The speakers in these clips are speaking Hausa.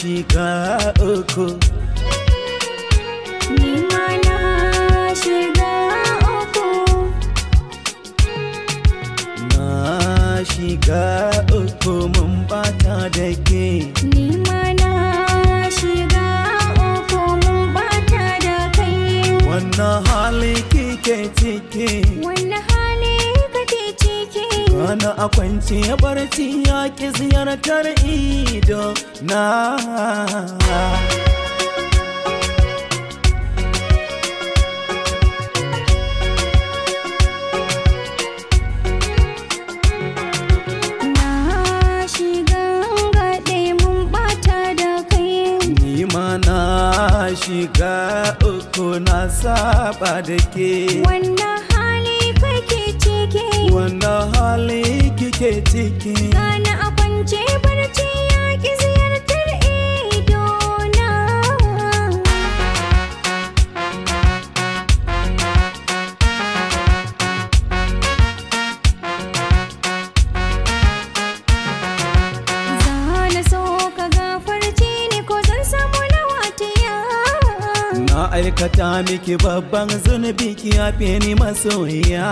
shiga uku nima na shiga uku na uku mun bata da Rana a kwance ya barci ya ƙi ziyartar ido na shiga uku na saba da ke wanda hali kake ciki wannan hali kike ciki Kana a kwance barci ya ki ziyartar idona Zana so ka gafarci ni ko zan samu na watiya Na aikata miki babban zunubi ki yafe ni masoyiya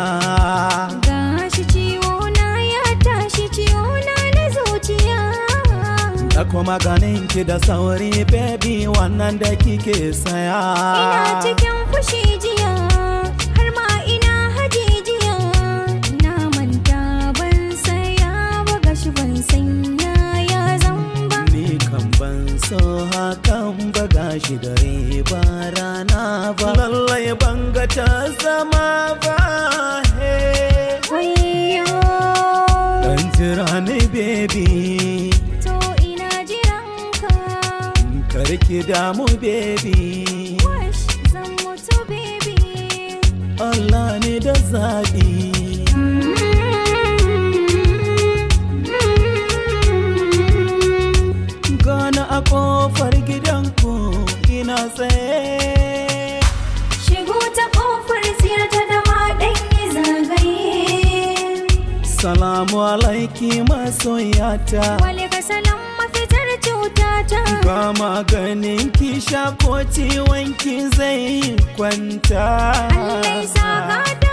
tashi ciwo ya tashi ciwo na na zuciya da kuma ganin ki da sauri baby wannan da kike saya ina cikin fushi jiya har ma ina haje jiya na manta ban saya ba gashi ban sanya ya zamba ni kan ban so hakan ba gashi dare ba rana ba lallai ban ga ta zama ba Riki damu baby mutu baby Allah ne da zaɓi Gana a ƙofar gidanku ina tsaye Shigo ta ƙofar ziyarta da maɗan yi zagaye Salamu alaiki masoyata Wale ga salamu mafitar cutata ba maganin ki ko ciwon ki zai kwanta Allah ya saka